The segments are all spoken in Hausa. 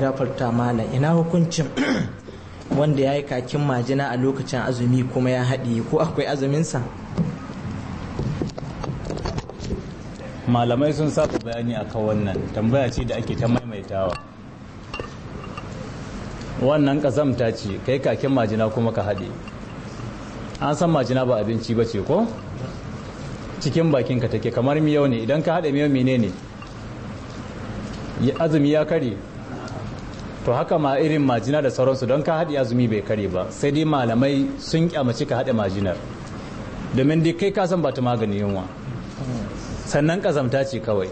gafarta mana, ina hukuncin wanda ya yi kakin majina a lokacin azumi kuma ya haɗi ko akwai azuminsa malamai sun saba bayani a kan wannan tambaya ce da ake ta maimaitawa wannan kazamta ce kai kakin majina kuma ka haɗe an san majina ba abinci ba ce ko cikin bakinka take kamar miyau ne idan ka haɗa miyau menene azumi ya kare to haka ma irin majina da sauransu don ka haɗe azumi bai kare ba sai dai malamai sun kyamaci ka haɗe majinar domin dai kai kasan ba ta magani yunwa sannan ƙazamta ce kawai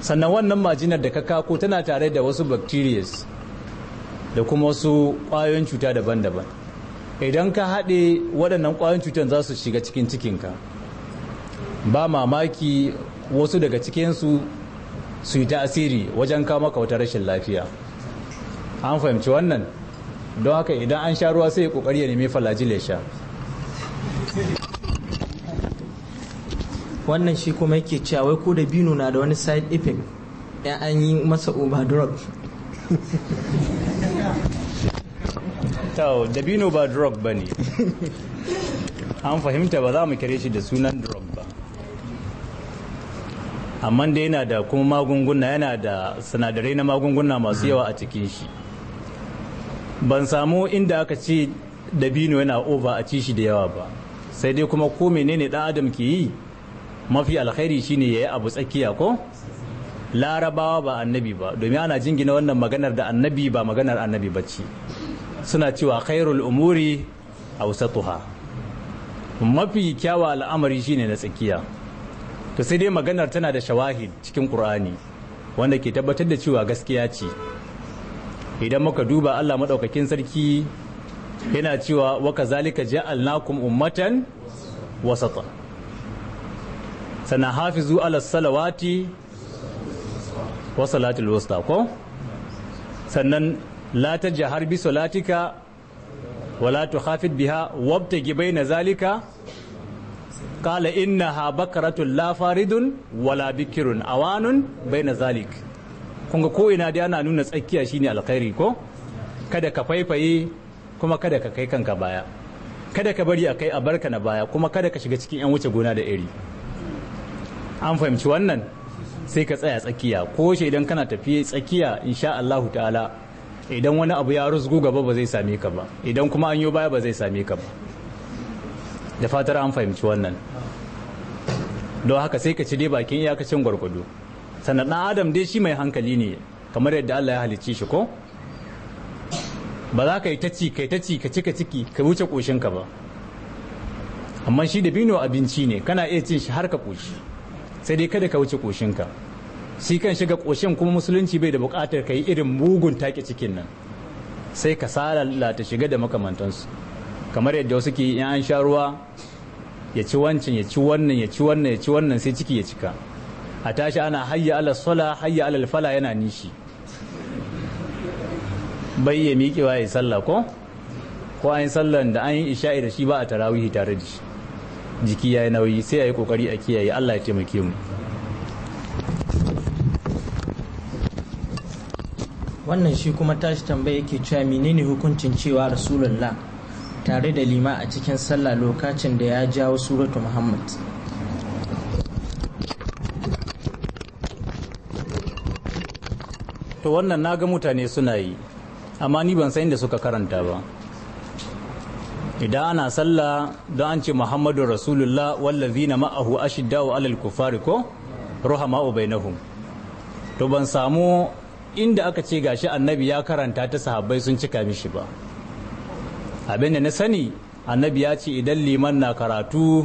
sannan wannan majinar da ka kako tana tare da wasu bacterias da kuma wasu ƙwayoyin cuta daban-daban idan ka haɗe waɗannan ƙwayoyin cutar za su shiga cikin cikinka ba mamaki wasu daga cikinsu su yi ta asiri wajen kawo maka wata rashin lafiya an fahimci wannan don haka idan an sha ruwa sai ya kokari ya nemi falajil ya sha wannan shi kuma yake cewa wai ko da bino na da wani side effect ya an yi masa overdrug tau da bino ba drug ba ne an fahimta ba za mu kire shi da sunan drug ba amma da yana da kuma magunguna yana da sinadarai na magunguna masu yawa a cikin shi ban samu inda aka ce dabino yana over a ci shi da yawa ba sai dai kuma ko menene dan adam ke yi mafi alkhairi shine yayi abu tsakiya ko larabawa ba annabi ba domin ana jingina wannan maganar da annabi ba maganar annabi bacci suna cewa khairul umuri awsatuha mafi kyawa al'amari shine na tsakiya to sai dai maganar tana da shawahid cikin qur'ani wanda ke tabbatar da cewa gaskiya ce idan muka duba Allah maɗaukakin sarki yana cewa waka zalika ja'alnakum ummatan wasata sana hafizu ala salawati wa salatul wusta ko sannan la tajhar bi salatika wa la tukhafid biha wabtagi baina zalika qala innaha bakaratun la faridun wala bikirun awanun baina zalika kun ga ko ina dai ana nuna tsakiya shine alkhairi ko kada ka faifaye kuma kada ka kai kanka baya kada ka bari a kai a barka na baya kuma kada ka shiga cikin yan wuce gona da iri an fahimci wannan sai ka tsaya tsakiya ko idan kana tafiye tsakiya insha Allahu ta'ala idan wani abu ya rusgu gaba ba zai same ka ba idan kuma an yi baya ba zai same ka ba da fatar an fahimci wannan don haka sai ka ci dai bakin iyakacin gwargwado sannan ɗan adam dai shi mai hankali ne kamar yadda Allah ya halicci shi ko ba za ka yi ta ci kai ta ci ka ci ka ciki ka wuce ka ba amma shi da bino abinci ne kana iya cin shi har ka ƙoshi sai dai kada ka wuce ka shi kan shiga ƙoshin kuma musulunci bai da buƙatar ka yi irin mugun take cikin nan sai ka salala ta shiga da makamantansu kamar yadda wasu ke in an sha ruwa ya ci wancan ya ci wannan ya ci wannan ya ci wannan sai ciki ya cika a tashi ana hayya ala sola hayya ala fala yana nishi bai ya miƙe waye ya sallah ko ko an sallan da an yi isha'i da shi ba a tarawihi tare da shi jiki ya yi nauyi sai a yi kokari a kiyaye Allah ya taimake mu wannan shi kuma tashi tambaya yake cewa menene hukuncin cewa rasulullah tare da lima a cikin sallah lokacin da ya jawo suratu muhammad to wannan na ga mutane suna yi amma ni ban san inda suka karanta ba idan ana sallah don an ce muhammadu rasulullah na ma'ahu ashiddaw alal kufari ko ruhama'u bainahum to ban samu inda aka ce gashi annabi ya karanta ta sahabbai sun cika mishi ba abin da na sani annabi ya ce idan liman na karatu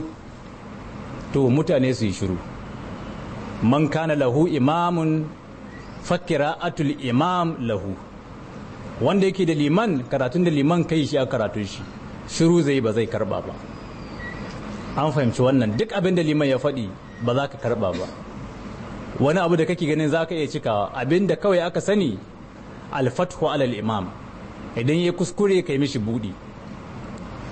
to mutane su yi shiru man kana lahu imamun fakira atul imam lahu wanda yake da liman karatun da liman kai shi a karatun shi shiru zai ba zai karba ba an fahimci wannan duk abin da liman ya faɗi ba za ka karba ba wani abu da kake ganin za ka iya cikawa abin da kawai aka sani alfathu alal imam idan ya kuskure ka kai mishi buɗi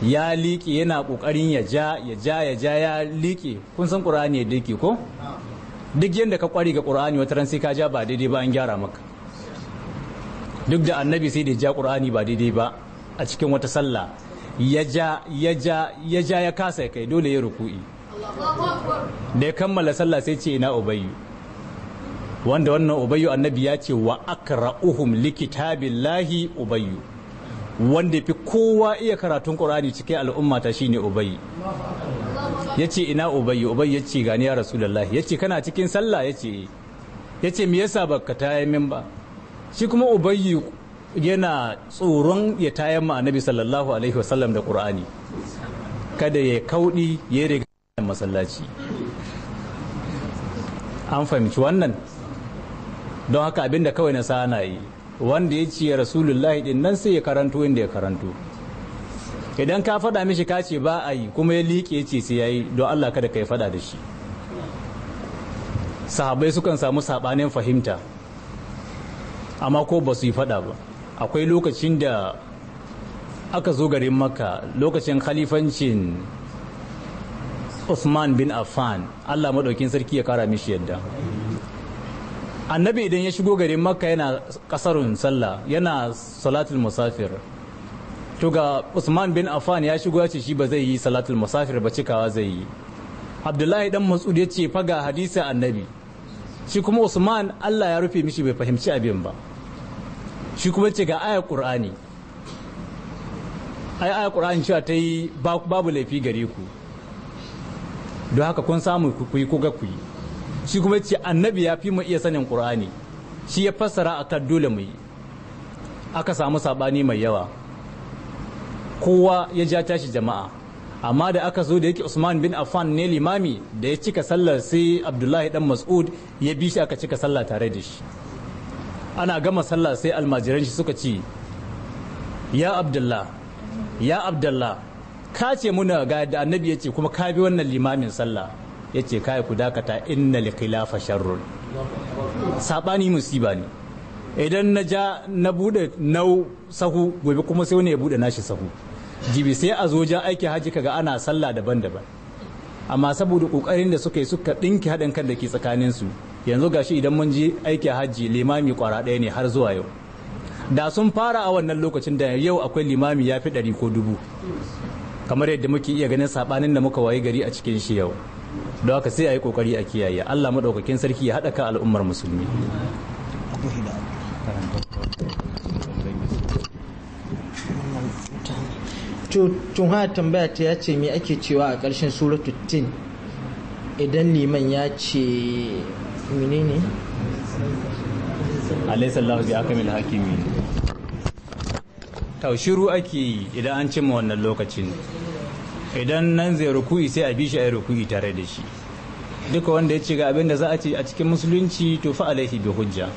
ya liƙe yana ƙoƙarin ya ja ya ja ya ja ya liƙe kun san ƙur'ani ya ke ko duk yadda ka kware ga qur'ani wata ran sai ka ja ba daidai ba an gyara maka duk da annabi sai da ja qur'ani ba daidai ba a cikin wata sallah ya ja ya ja ya ja ya kasa kai dole ya ruku'i da ya kammala sallah sai ce ina ubayyu wanda wannan ubayyu annabi ya ce wa akra'uhum likitabillahi ubayyu wanda fi kowa iya karatun ƙur'ani cikin al'ummata shine ubayyu ya ce ina ubayyu ubayyu ya ce gani ya rasulullahi ya ce kana cikin sallah ya ce ya ce mi yasa ba ka taya min ba shi kuma ubayyu yana tsoron ya taya ma annabi sallallahu alaihi wasallam da qur'ani kada ya kaudi ya riga masallaci an fahimci wannan don haka abinda kawai na sana yi wanda ya ce rasulullahi din nan sai ya karanto inda ya karanto idan ka faɗa mishi ka ce ba a yi kuma ya liƙe ce sai ya yi don Allah kada ka yi faɗa da shi sahabai sukan samu saɓanin fahimta amma ko ba su yi faɗa ba akwai lokacin da aka zo garin makka lokacin khalifancin Usman bin Affan Allah maɗaukin sarki ya kara mishi yadda annabi idan ya shigo garin makka yana ƙasarun sallah yana salatul musafir to ga usman bin affan ya shigo ya ce shi ba zai yi salatul musafir ba cikawa zai yi abdullahi dan mas'ud ya ce faga hadisi annabi shi kuma usman allah ya rufe mishi bai fahimci abin ba shi kuma ce ga ayar qur'ani ai ayar qur'ani cewa ta yi babu laifi gare ku don haka kun samu ku yi ko ga ku yi shi kuma ce annabi ya fi mu iya sanin qur'ani shi ya fassara akan dole mu yi aka samu sabani mai yawa kowa ya ja tashi jama'a amma da aka zo da yake usman bin affan ne limami da ya cika sallar sai abdullahi dan mas'ud ya bi shi aka cika sallah tare da shi ana gama sallah sai almajiran shi suka ce ya abdullah ya abdullah ka ce muna ga da annabi ya ce kuma ka bi wannan limamin sallah ya ce ka ku dakata inna khilafa sharrun sabani musiba ne idan na ja na bude nau sahu gobe kuma sai wani ya bude nashi sahu jibi sai a zo wajen aikin haji kaga ana sallah daban-daban amma saboda kokarin da suka yi suka dinki haɗin kan da ke tsakanin su yanzu gashi idan mun je aiki haji limami kwara ɗaya ne har zuwa yau da sun fara a wannan lokacin da yau akwai limami ya fi ɗari ko dubu kamar yadda muke iya ganin saɓanin da muka waye gari a cikin shi yau don haka sai a yi kokari a kiyaye Allah madaukakin sarki ya haɗa ka al'ummar musulmi to haya tambaya ta ya ce me ake cewa a ƙarshen suratu tin idan liman ya ce menene alaysa bi akamil hakimi taushiru shiru ake yi idan an cimma wannan lokacin idan nan zai ruku'i sai a bi shi a ruku'i tare da shi duka wanda ya ci ga abin da za a ce a cikin musulunci to fa alaihi bi hujja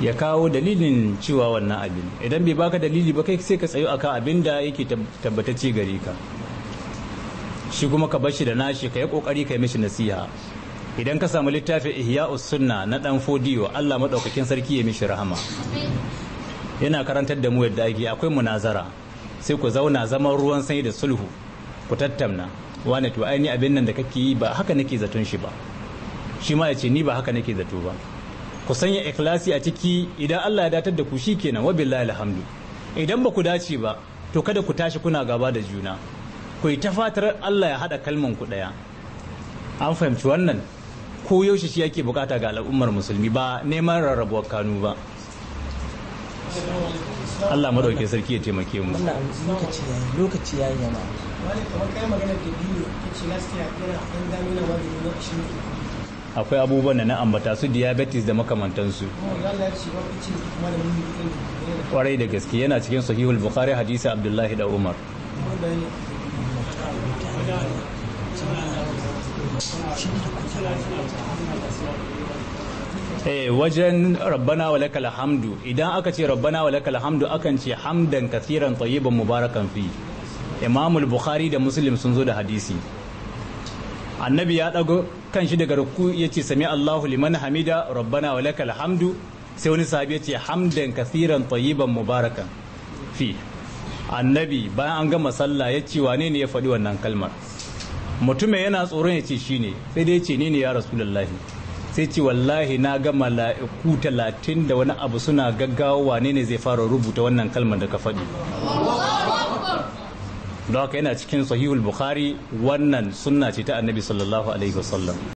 ya kawo dalilin cewa wannan abin idan bai baka dalili ba kai sai ka tsayo akan abin da yake tabbatacce gare ka shi kuma ka bar shi da nashi ka yi kokari ka yi mishi nasiha idan ka samu littafin ihya sunna na dan fodiyo Allah maɗaukakin sarki ya mishi rahama yana karantar da mu yadda ake akwai munazara sai ku zauna zaman ruwan sanyi da sulhu ku tattamna wane to aini abin nan da kake yi ba haka nake zaton shi ba shi ma ya ce ni ba haka nake zato ba ku sanya ikhlasi a ciki idan Allah ya datar da ku shikenan wa billahi alhamdu idan ba ku dace ba to kada ku tashi kuna gaba da juna ku yi ta fatar Allah ya hada kalman ku daya an fahimci wannan ko yaushe shi yake bukata ga al'ummar musulmi ba neman rarrabuwar kanu ba Allah madauke sarki ya taimake mu lokaci ya lokaci yi yana wani kamar kai magana da biyu kace gaskiya kana an gano na wani 20 akwai abubuwan da na ambata su diabetes da makamantansu kwarai da gaske yana cikin sahihul bukhari hadisi abdullahi da umar Eh, wajen rabbana wa lakal hamdu idan aka ce rabbana wa lakal hamdu akan ce hamdan kathiran tayyiban mubarakan fi imamul bukhari da muslim sun zo da hadisi annabi ya dago kan shi daga rukku ya ce sami Allahu liman hamida rabbana wa lakal hamdu sai wani sahabi ya ce hamdan kathiran tayyiban mubarakan fi annabi bayan an gama sallah ya ce wane ne ya faɗi wannan kalmar mutumin yana tsoron ya ce shine sai dai ya ce ni ne ya rasulullahi sai ce wallahi na gama la'iku talatin da wani abu suna gaggawa wane ne zai fara rubuta wannan kalmar da ka faɗi don haka yana cikin sahihul bukhari wannan sunna ce ta annabi sallallahu alaihi wasallam